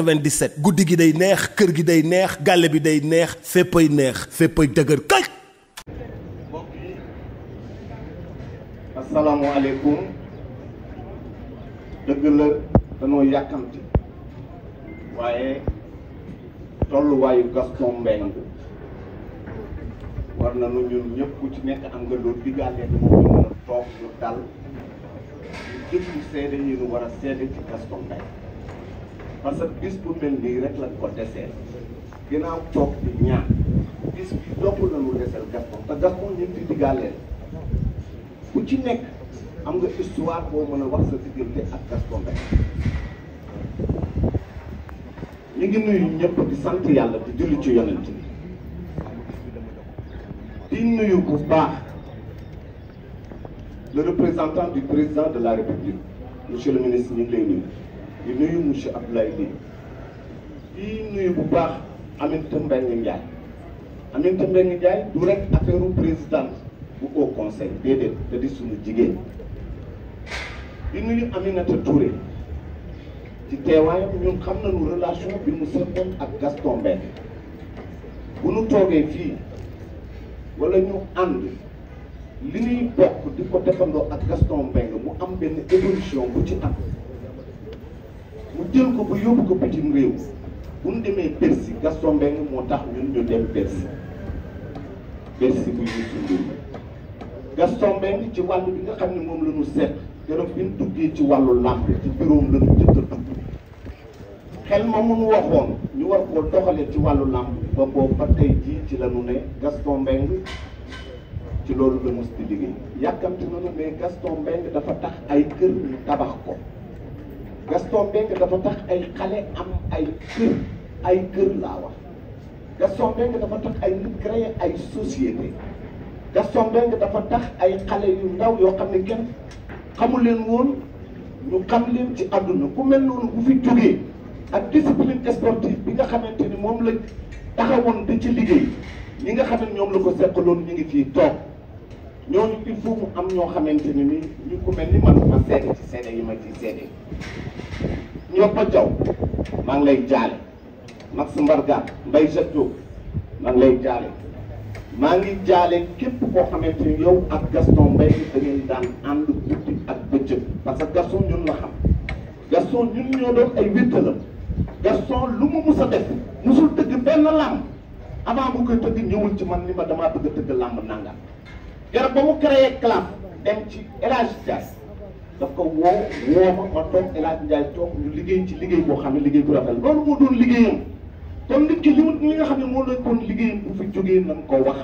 97 guddi gi day neex kër gi day neex gàlle bi day neex féppay neex féppay dëgër kay mbokk yi waaye tolluwaayu Gaston Mbengue war nañu ñun ku ci nekk am nga loo diggaale bi a toog ñu parce que bis mel nii rek lañ ko deseel ginnaaw toog di ñaan bis bi dopp lañu deseel Gaston te Gaston ñu di diggaaleel ku ci nekk am nga histoire boo mën a wax sa diggante ak Gaston rek ñu ngi nuyu ñëpp di sant yàlla di julli ci yonent bi di nuyu bu baax le représentant du président de la république monsieur le ministre ñu ngi lay di nuyu monsieur Abdoulaye Dieng di nuyu bu baax Aminata Mbengue Ndiaye Aminata Mbengue Ndiaye du rek affaire présidente bu ko Conseil déedéet da di suñu jigéen di nuyu Aminata Touré ci teewaayam ñun xam nañu relation bi mu seetoon ak Gaston Mbengue bu nu toogee fii wala ñu ànd li ñuy bokk di ko defandoo ak Gaston Mbengue mu am benn évolution bu ci am. jël ko ba yóbbu ko bitim réew bu ñu demee Bercy Gaston Mbengue moo tax ñun ñu dem Bercy Bercy bu Gaston Mbengue ci wàllu bi nga xam ne moom la ñu seet keroog bi ñu duggee ci wàllu làmb ci bureau la ñu jëkk a dugg xel ma mun waxoon ñu war koo doxalee ci wàllu làmb ba boobu ba tey jii ci la ne Gaston Mbengue ci loolu la mos di liggéey yàkkamti na mais Gaston Mbengue dafa tax ay kër ñu tabax ko. Gaston Mbengue dafa tax ay xale am ay kër ay kër laa wax Gaston Mbengue dafa tax ay nit créer ay société Gaston Mbengue dafa tax ay xale yu ndaw yoo xam ne kenn xamu leen woon ñu xam leen ci adduna ku mel noonu bu fi jógee ak discipline sportive bi nga xamante ni moom la taxawoon da ci liggéey ñi nga xam ne ñoom la ko seqaloon ñu ngi fii toog ñooñu il faut mu am ñoo xamante ni ni ñu ko mel ni man ma seede ci seede yi ma ci seede ñoo ko jaw maa ngi lay jaale Max Mbarga Mbaye sa maa ngi lay jaale maa ngi jaale képp koo xamante ni yow ak Gaston Mbaye da ngeen daan ànd guddi ak bëccëg parce que Gaston ñun la xam Gaston ñun ñoo doon ay wéttalam Gaston lu mu mus a def musul tëgg benn làmb avant mu koy tëgg ñëwul ci man ni ma damaa bëgg a tëgg làmb nangam. garab ba mu créé CLAF dem ci El Hadj Dias daf ko woo woo ma ma toog El Hadj Dias liggéey ci liggéey boo xam ne liggéey bu rafet loolu moo doon liggéeyam kon nit ki li mu li nga xam ne moo doon kon liggéeyam bu fi jógee nañ ko wax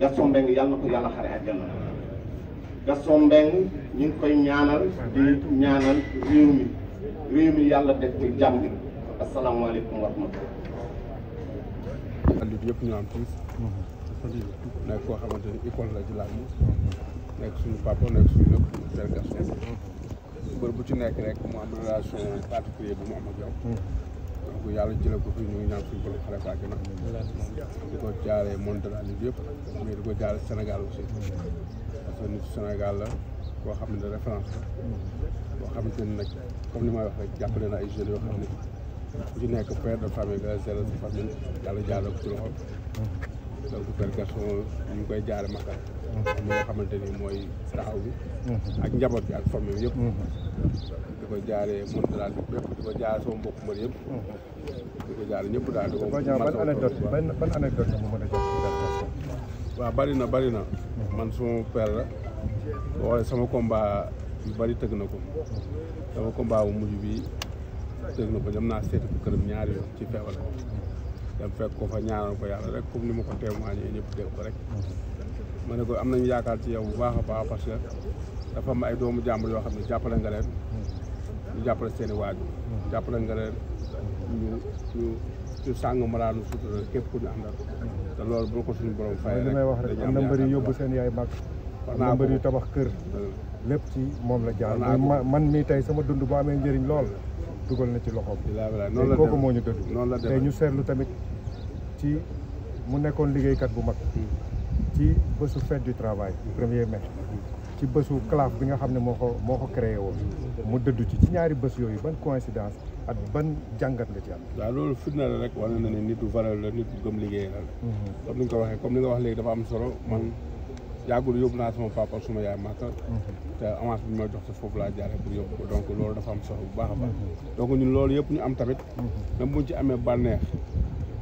Gaston Mbengue yàlla na ko yàlla xare àjjana Gaston Mbengue ñu ngi koy ñaanal di ñaanal réew mi réew mi yàlla def ci jàmm asalaamaaleykum wa rahmatulah. yëpp ñu am nekk koo xamante ni école la ci làmb nekk suñu papa nekk suñu lépp délégation bu ci nekk rek mu am relation bu mu am ak yàlla jële ko fi ñu ngi ñaan suñu borom xale baa gën a di koo xam ne référence la koo ni nag comme ni may jàppale na ay jeunes yoo xam ne nekk père de famille nga gérer sa famille yàlla jaaree ko ci donc percussion ñu ngi koy jaare makka mi mhm. nga xamante ni mooy taxaw bi mhm. ak njaboot bi ak famille yëpp mhm. di ko jaare montalaan bi yëpp di ko jaare sama mbokk mbër yëpp di ko jaare ñëpp daal di ko ban anecdote ban anecdote mu mën a jox bari na bari na man suma père la wala sama combat yu bari tëgg na ko sama combat bu mujj bi tëgg na ko dem naa seeti ko këram ñaari yoon ci feebar dem fekk ko fa ñaanal ko yàlla rek comme ni ma ko témoigné ñëpp dégg ko rek mhm. ma ne ko am nañu yaakaar ci yow bu baax a baax parce que dafa am ay doomu jàmbur yoo xam ne jàppale nga leen mhm. ñu jàppale seen i waajur mhm. jàppale nga leen ñu ñu ñu malaanu sutura képp ku ñu àndal te loolu bu ko suñu borom fay rek may wax rek am na mbër yóbbu seen yaay mag am na mbër yu tabax kër lépp ci moom la jaar man mii tey sama dund bu amee njëriñ lool dugal na ci loxoom. noonu la kooku moo ñu dëdd. noonu la tey ñu seetlu tamit ci mu nekkoon liggéeykat bu mag ci bésu fête du travail premier mai ci bésu CLAF bi nga xam ne moo ko moo ko créé woon mu dëddu ci ci ñaari bés yooyu ban coïncidence ak ban jàngat nga ci am waaw loolu fitna la rek wane na ne nitu valeur la nit bu gëm liggéey la mhm. comme ni nga ko waxee comme ni nga wax léegi dafa am solo man yàggul yóbbu naa sama papa suma yaay Màkka mhm. te avance bi ñu ma jox te foofu laa jaaree pour yóbbu ko donc loolu dafa am solo bu baax a baax mhm. donc ñun loolu yëpp ñu am tamit même buñ ci amee bànneex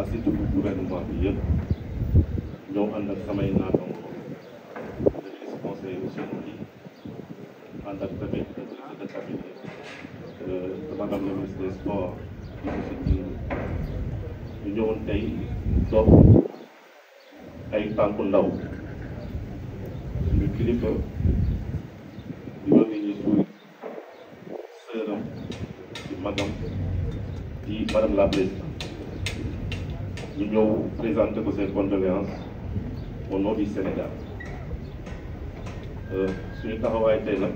assise du gouvernement bi yëpp ñoo ànd ak samay naataango le vice conseiller Ousseynou Ly ànd ak tamit directeur de cabinet de euh, madame le ministre des sports di Moussa Diouf ñu ñëwoon tey ay tànku ndaw ñu kilifa di wër ni ñu suuri sëram di magam di madame la présidente ñu ñëw présenter ko seen condoléance au nom du Sénégal euh, suñu taxawaay tey nag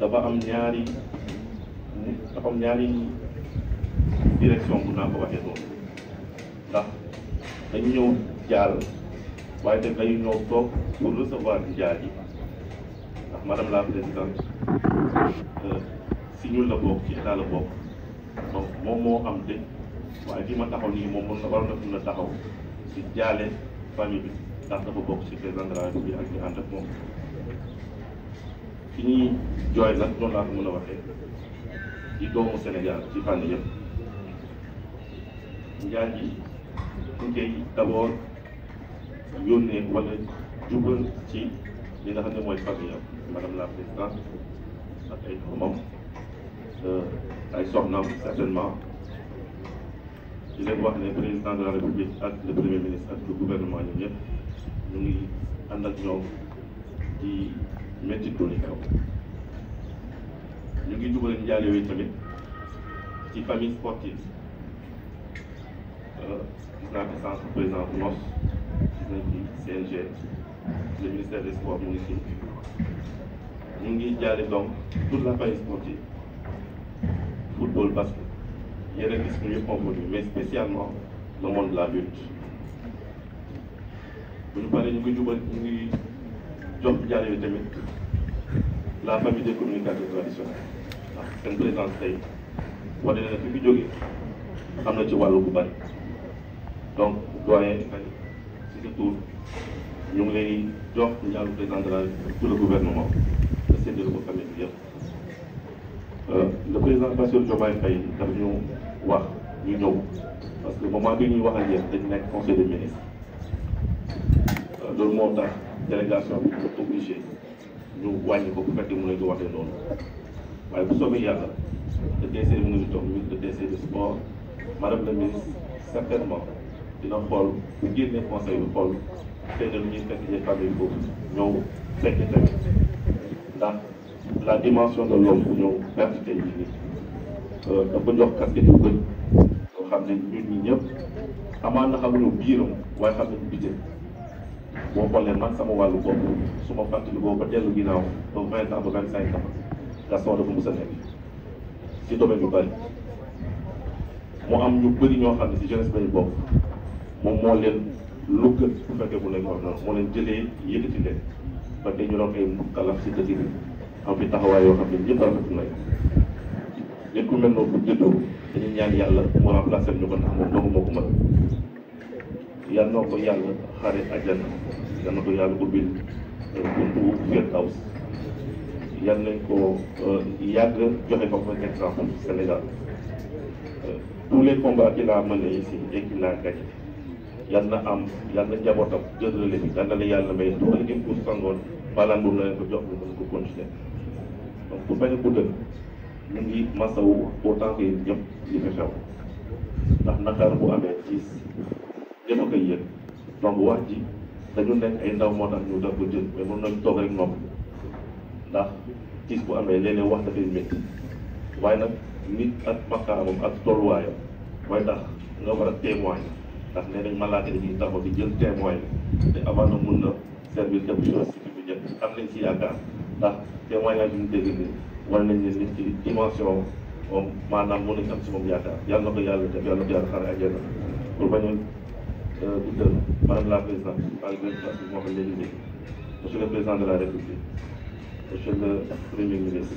dafa am ñaari dafa am ñaari direction bu naa ko waxee noonu ndax dañu ñëw jaal waaye te dañu ñëw toog pour recevoir di jaar yi ndax madame la présidente euh, si ñun la bokk ci état la bokk donc moo am dëkk waaye fi ma taxaw moom mën na war na fi na taxaw ci jaale famille bi ndax dafa bokk ci président de la République ak ñu ànd ak moom fi ñuy jooy nag noonu laa ko mën a waxee ci doomu Sénégal ci fànn yëpp njaay yi ñu koy d'abord yónnee ci li nga xam ne mooy famille am madame la présidente ak ay doomam euh, ay soxnaam certainement di leen wax ne président de la république ak le premier ministre ak le gouvernement ñoom ñëpp ñu ngi ànd ak ñoom di métti dooli xew ñu ngi dugal njaal yooyu tamit ci famille sportive gis naa ko sens président bu nos gis nañ ci CNG le ministère des sports mu ngi si ñu ngi jaale donc toute la famille sportive football basket yeneen discours yëpp moom ñu mais spécialement le monde de la lutte bu ñu paree ñu ngi jubal ñu ngi jox jaaree la famille des communicateurs traditionnels ndax seen présence tey wane na fi fi jógee am na ci wàllu bu bari donc doyen si sa tour ñu ngi lay jox njaalu président de la tout le gouvernement de séddale ko famille bi yëpp euh, le président Bassirou wax ñu ñëw parce que moment bi ñuy wax ak yéen dañu nekk conseil des ministres euh, loolu moo tax délégation bi ñu obligé ñu wàññi ko mu fekkee mën nañu noonu waaye bu soobee yàlla le DC bi mu ngi toog ministre le DC du sport madame la ministre certainement dina xool bu génnee conseil bi xool xëy na lu ñuy fekk les familles foofu ñëw fekk tamit ndax la dimension de l'homme bu ñëw perte tey dafa euh, jox kàddu gi bëri yoo xam ne ñun ñi ñëpp amaan na xamuñu biiram waaye xam nañu bite boo xoolee sama wàllu bopp su ma fàttali boo ko ginnaaw ba vingt cinq ans Gaston dafa mos a nekk ci domaine yu am ñu bëri ñoo xam ne ci jeunesse bay moom moo leen lu gën bu fekkee mu lañ ko noonu moo leen jëlee yëkkati leen ba tey ñu doon ay mukkalaf ci dëkk bi am fi taxawaay yoo xam ne ñëpp rafetlu nañ ku mel noonu bu jëndoo dañuy ñaan yàlla mu remplacé ñu ko ndax moom doomu moo ko mën yal na ko yàlla xare àjjana yal na ko yàlla ubbil euh, buntu Firdaws yal nañ ko euh, yàgg joxe ba mu nekk exemple Sénégal euh, tous a a gagné yal na am yal njabootam jëndale bi yal na la yàlla may doole ngeen ko sangoon maanaam moom la ko jox mu mën ko continuer donc bu bañ a guddal ñu ngi masawu autant que yéen ñëpp li fi xew ndax naqar bu amee tiis a koy wax ji dañu nekk ay ndaw moo tax ñu def ko jël mais mën nañ toog rek nopp ndax tiis bu amee léeg-léeg wax dafay métti waaye nag nit ak maqaamam ak tolluwaayam mooy tax nga war a témoin ndax nee nañ malaaka dañuy taxaw di jël témoin te avant na mun na servir quelque chose ci fi bu njëkk am nañ ci yaakaar ndax témoignage bi ñu dégg wan nañ leen nit ki o moom maanaam mën nañu am si moom yaakaar yàlla na ko yàlla def yàlla na ko yàlla xaaral ak yàlla pour bañ a euh, guddal madame la présidente malgré parce que moo xam léegi léegi monsieur le président de la république monsieur le premier ministre